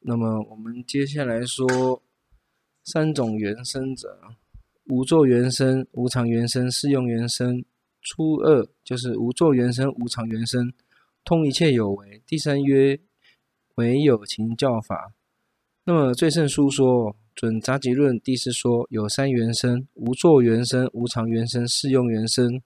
那麼我們接下來說三種緣生者：無作緣生、無常緣生、勢用緣生。初二就是無作緣生、無常緣生，通一切有為。第三曰為有情教法。那麼最勝書說准雜集論第四說有三緣生：無作緣生、無常緣生、勢用緣生。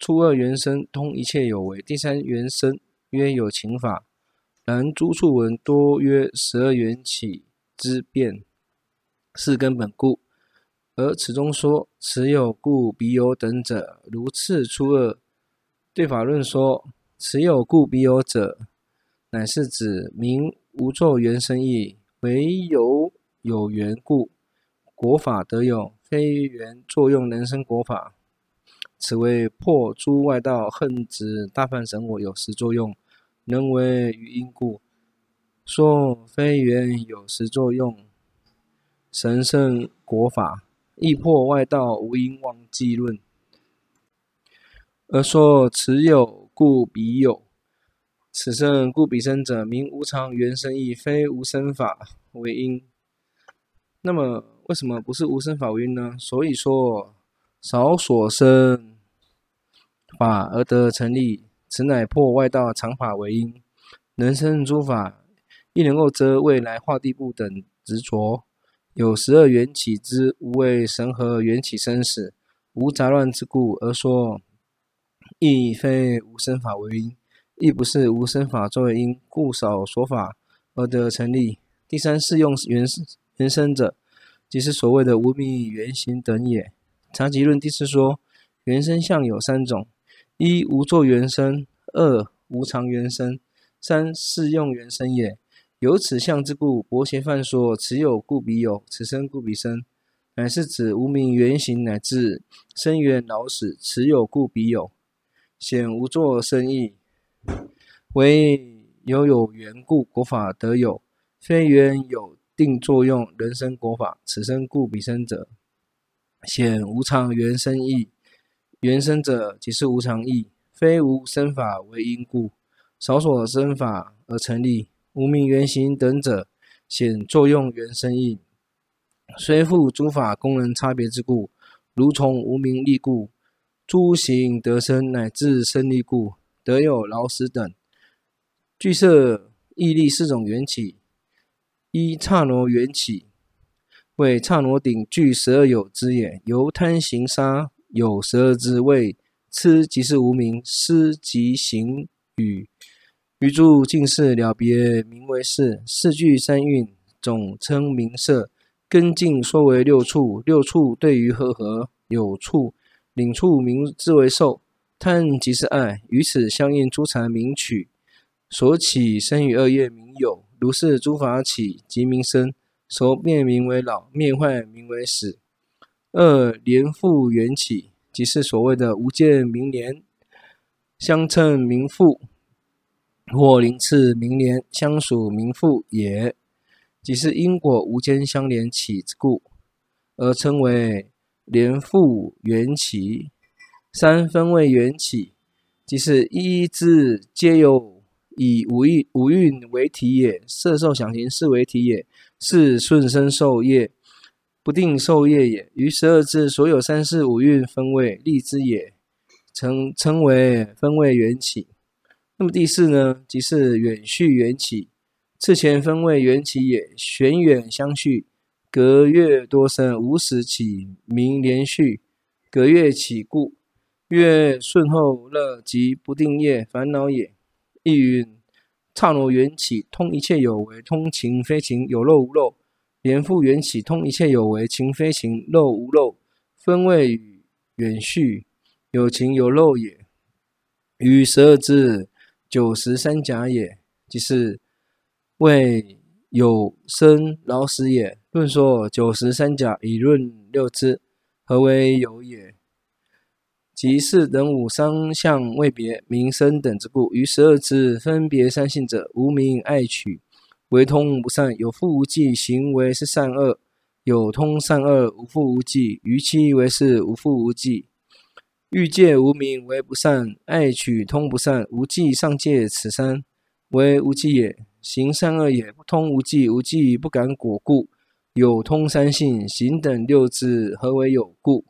初二緣生通一切有為。第三緣生曰有情法。然諸處文多約十二緣起之變，是根本故。而此中說此有故彼有等者，如次初二對法論說：此有故彼有者，乃是指明無作緣生義，唯由有緣故，果法得有，非緣作用能生果法。此為破諸外道，橫指大梵神我有實作用。能為於因故，說非緣有時作用，神聖國法亦破外道無因妄計論，而說此有故彼有，此生故彼生者，名無常緣生義，非無生法為因。那麼，為什麼不是無生法為因呢？所以說，少所生法而得成立。此乃破外道常法為因，能生諸法，亦能夠遮未來化地部等執着。有十二緣起之無為神和緣起生死，無雜亂之故而說，亦非無生法為因，亦不是無生法作為因，故少說法而得成立。第三是用緣生緣生者，即是所謂的無明緣行等也。雜集論第四說，緣生相有三種。一無作緣生，二無常緣生，三勢用緣生也。由此相之故，薄伽梵說，此有故彼有，此生故彼生，乃是指無明緣行乃至生緣老死，此有故彼有，顯無作生義，謂，由有緣故果法得有，非緣有定作用任生果法。此生故彼生者，顯無常緣生義。緣生者即是無常義，非無生法為因故，少所生法而成立。無明緣行等者，顯作用緣生義。雖復諸法功能差別之故，如從無明立故，諸行得生乃至生立故，得有老死等。俱舍意立四種緣起，一剎那緣起，謂剎那頃具十二有支業，由貪行殺。有十二支謂：痴即是無明，思即行語；於諸境識了別，名為識。四句三蘊，總稱名色。根境說為六處，六處對於和合有觸，領觸名之為受。貪即是愛，與此相應，諸纏名取。所起身語意業，名有。如是諸法起，即名生。熟滅名為老，滅壞名為死。二連縛緣起，即是所謂的無間名連，相稱名縛，或臨次名連，相屬名縛也，即是因果無間相連起之故，而稱為連縛緣起。三分位緣起，即是一一支皆有以五蘊五蘊為體也，色受想行識為體也，是順生受業。不定受業也，於十二支所有三世五蘊分位立之也，稱稱為分位緣起。那麼第四呢，即是遠續緣起，次前分位緣起也，懸遠相續，隔越多生，無時起名連續，隔越起故，曰順後樂即不定業煩惱也，意云剎那緣起，通一切有為，通情非情，有漏無漏。言復緣起，通一切有為。情非情，漏無漏，分位與緣續，有情有漏也。於十二支，九十三甲也，即是為有生老死也。論說九十三甲以論六支，何為有也？即是等五三相未別，名生等之故。於十二支分別三性者，無名愛取。為通不善，有覆無記，行為是善惡；有通善惡，無覆無記，餘七唯是無覆無記。欲界無明唯不善，愛取通不善，無記上界此三唯無記也，行善惡也。不通無記，無記不感果故。有通三性，行等六支何為有故？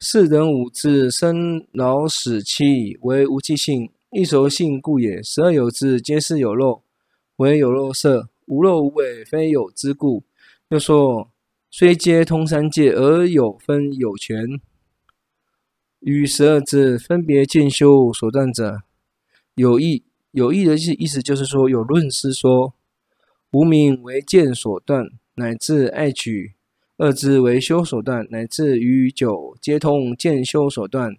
四等五支生老死期為無記性，異熟性故也。十二有支，皆是有漏。唯有肉色，無肉無味，非有之故。又說，雖皆通三界，而有分有權。與十二支分別見修所斷者，有異，有異的意思就是說，有論師說，無明為見所斷，乃至愛取；二支為修所斷，乃至餘九皆通見修所斷。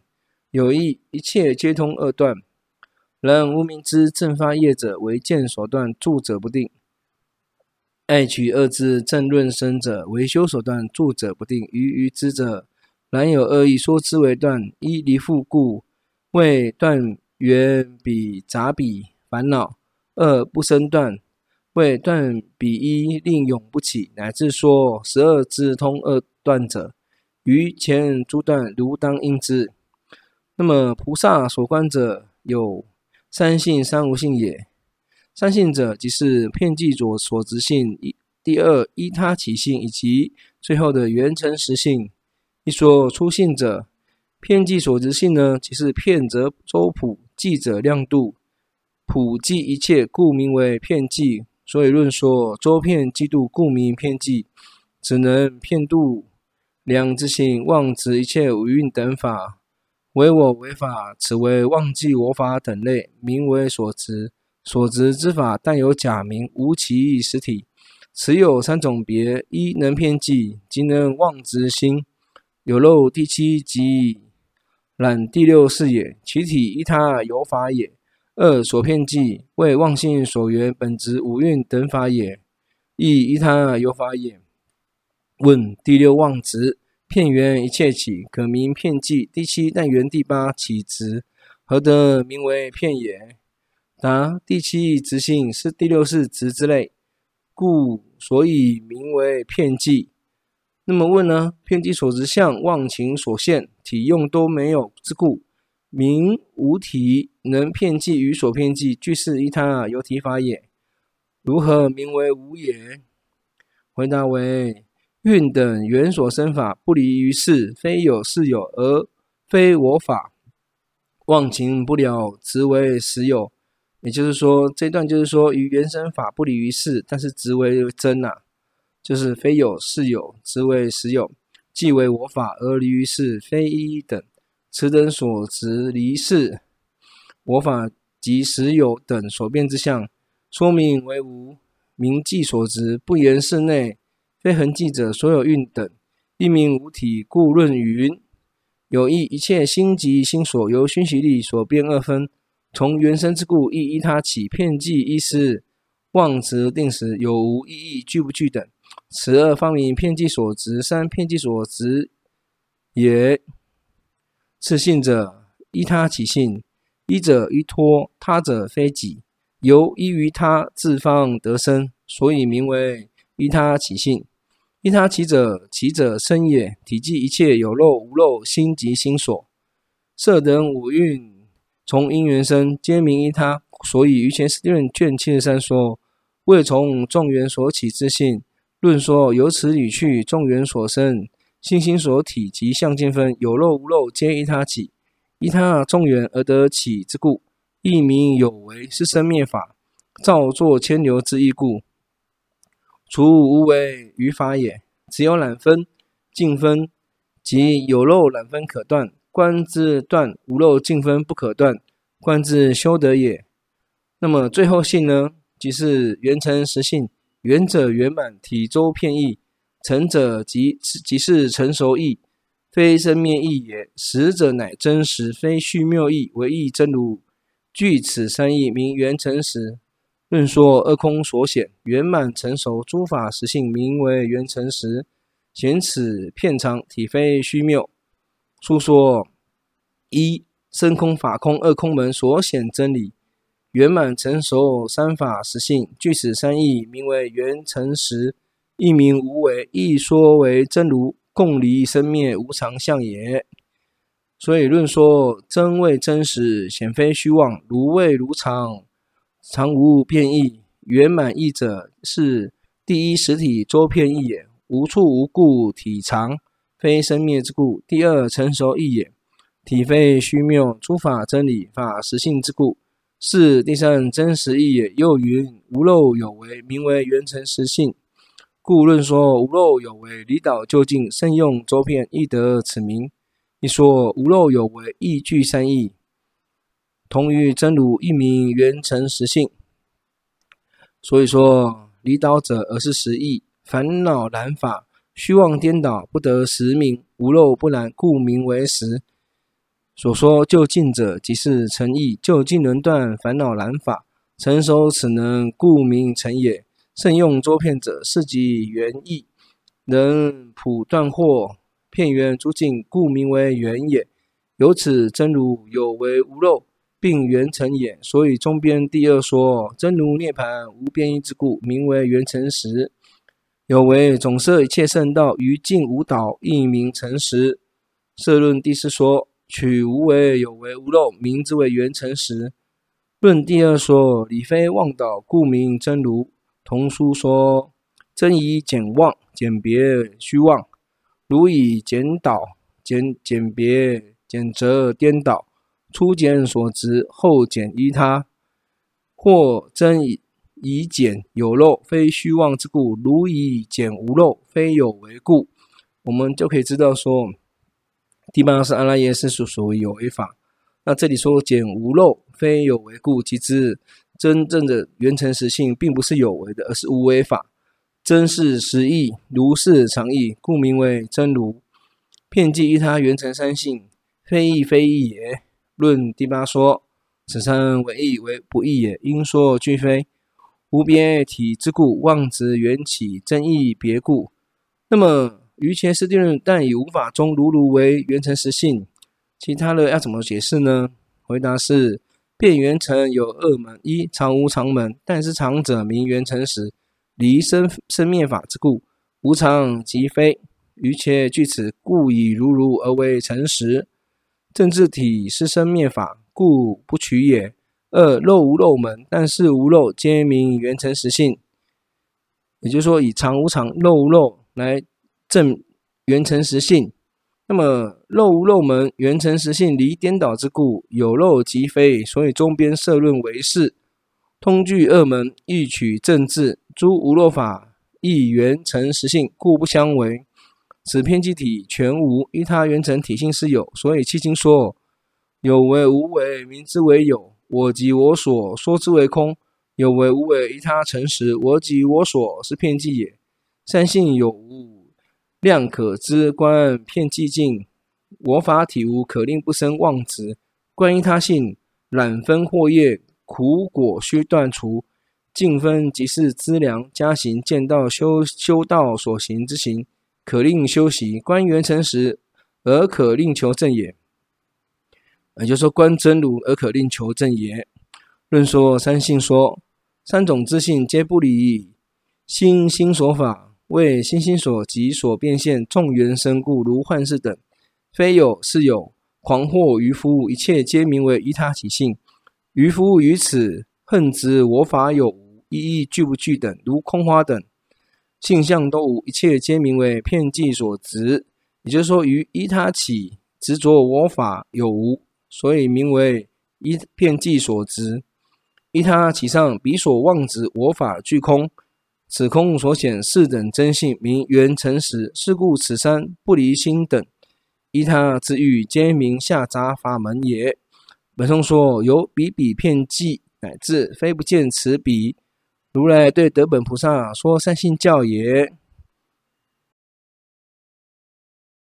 有異，一切皆通二斷。然無明之正發業者，為見所斷助者不定；愛取二之正潤生者，為修所斷助者不定。愚愚之者，然有二義說之為斷，一離縛故，謂斷緣彼雜彼煩惱；二不生斷，謂斷彼一令永不起，乃至說十二支通二斷者，於前諸斷如當應知。那麼菩薩所觀者有。三性三無性也，三性者即是遍計所所執性，一第二依他起性，以及最後的圓成實性。一說初性者，遍計所執性呢，即是遍則周普，計者量度，普計一切，故名為遍計，所以論說周遍計度，故名遍計度，故名遍計，只能遍度量之性，妄執一切五蘊等法。唯我為法，此為妄計我法等類，名為所執。所執之法，但有假名，無其義實體。此有三種別：一能遍計，即能妄執心；有漏第七及染第六是也。其體依他有法也。二所遍計為妄信所緣，本質五蘊等法也，亦一，依他有法也。問：第六妄執，遍緣一切起，可名遍計。第七但緣第八起執，何得名為遍也？答：第七執心是第六是執之類，故所以名為遍計。那麼問呢？遍計所執相，妄情所現體用都沒有之故，名無體。能遍計與所遍計俱是依他有體法也。如何名為無也？回答為。蘊等緣所生法不離於識，非有是有，而非我法。妄情不了，執為實有。也就是說，這段就是說，於緣生法不離於識，但是執為真吶、啊，就是非有是有，執為實有，即為我法而離於識，非一等。此等所執離識，我法及實有等所變之相，說名為無名即所執，不言識內。非恆記者，所有蘊等，一名無體故論云：有義一切心及心所，由熏習力所變二分，從緣生之故，亦依他起，遍計依斯，妄執定實有無一異俱不俱等。此二方名遍計所執。三遍計所執也，次性者依他起性，依者依托，他者非己，由依於他自方得生，所以名為依他起性。依他起者，起者生也。體即一切有漏無漏，心及心所，色等五蘊從因緣生，皆名依他。所以《瑜伽師地論》卷七十三說：“謂從眾緣所起之性，論說由此已去眾緣所生心心所體及相見分，有漏無漏皆依他起，依他眾緣而得起之故，亦名有為是生滅法，造作遷流之義故。”除無為於法也，只有染分、淨分，即有漏染分可斷，觀之斷；無漏淨分不可斷，觀之修得也。那麼最後性呢？即是圓成實性，圓者圓滿體周遍意，成者即即是成熟義，非生滅意也。實者乃真實，非虛謬意，唯義真如。據此三義名圓成實。論說二空所顯圓滿成熟諸法實性，名為圓成實。顯此遍常，體非虛謬。書說一深空法空二空門所顯真理，圓滿成熟三法實性，具此三義，名為圓成實。亦名無為，亦說為真如，共離生滅無常相也。所以論說真謂真實，顯非虛妄；如謂如常。常無物變異，圓滿義者是第一實體周遍義也，無處無故體常，非生滅之故。第二成熟義也，體非虛謬，諸法真理法實性之故。是第三真實義也，又云無漏有為，名為圓成實性。故論說無漏有為離倒究竟，勝用周遍亦得此名。一說無漏有為，義具三義。同於真如，一名圓成實性。所以說，離島者而是實義，煩惱染法，虛妄顛倒，不得實名。無漏不然，故名為實。所說究竟者，即是成義，究竟能斷煩惱染法，成熟此能，故名成也。勝用作騙者，是即圓義。能普斷惑，片緣諸境，故名為圓也。由此真如有為無漏。並圓成也，所以中邊第二說，真如涅槃無變異之故，名為圓成實。有為總攝一切聖道，於境無倒，亦名成實。攝論第四說，取無為有為無漏，名之為圓成實。論第二說，理非妄倒，故名真如。同書說，真以簡妄，簡別虛妄；如以簡倒，簡簡別簡則顛倒。初簡所執，後簡依他，或增以以簡有漏，非虛妄之故；如以簡無漏，非有為故。我們就可以知道說，第八是阿賴耶識所屬有為法。那這裡說簡無漏，非有為故，即知真正的圓成實性，並不是有為的，而是無為法。真是實義，如是常義，故名為真如。遍計依他，圓成三性，非義非義也。論第八說，此三為異為不異也，應說俱非。無別體之故，妄執緣起真義別故。那麼瑜伽師地論，但以無法中如如為圓成實性，其他的要怎麼解釋呢？回答是：變圓成有二門，一常無常門。但知常者名圓成實，離生生滅法之故，無常即非。瑜伽據此故以如如而為成實。正智體是生滅法，故不取也。二漏無漏門，但是無漏，皆名圓成實性。也就是說，以常無常、漏無漏來證圓成實性。那麼，漏無漏門，圓成實性離顛倒之故，有漏即非。所以中邊攝論為是，通具二門，欲取正智，諸無漏法亦圓成實性，故不相違。此遍計體全無，依他緣成體性是有，所以契經說有為無為，名之為有；我及我所說之為空，有為無為依他成實，我及我所是遍計也。三性有無量可知，觀遍計淨，我法體無，可令不生妄執。觀依他性染分惑業苦果，須斷除；淨分即是資糧、加行、見道、修修道所行之行。可令修習觀圓成實，而可令求證也。也就說，觀真如而可令求證也。論說三性說，三種自性皆不離心心所法，為心心所及所變現，眾緣生故，如幻事等，非有是有，狂惑愚夫，一切皆名為依他起性。愚夫於此，恨之我法有無，一一具不具等，如空花等。性相都無，一切皆名為遍計所執。也就是說，於依他起執着我法有無，所以名為依遍計所執。依他起上彼所妄執我法俱空，此空所顯四等真性名圓成實。是故此三不離心等，依他之欲皆名下雜法門也。本頌說由彼彼遍計乃至非不見此彼。如來對德本菩薩說：“三性教也。”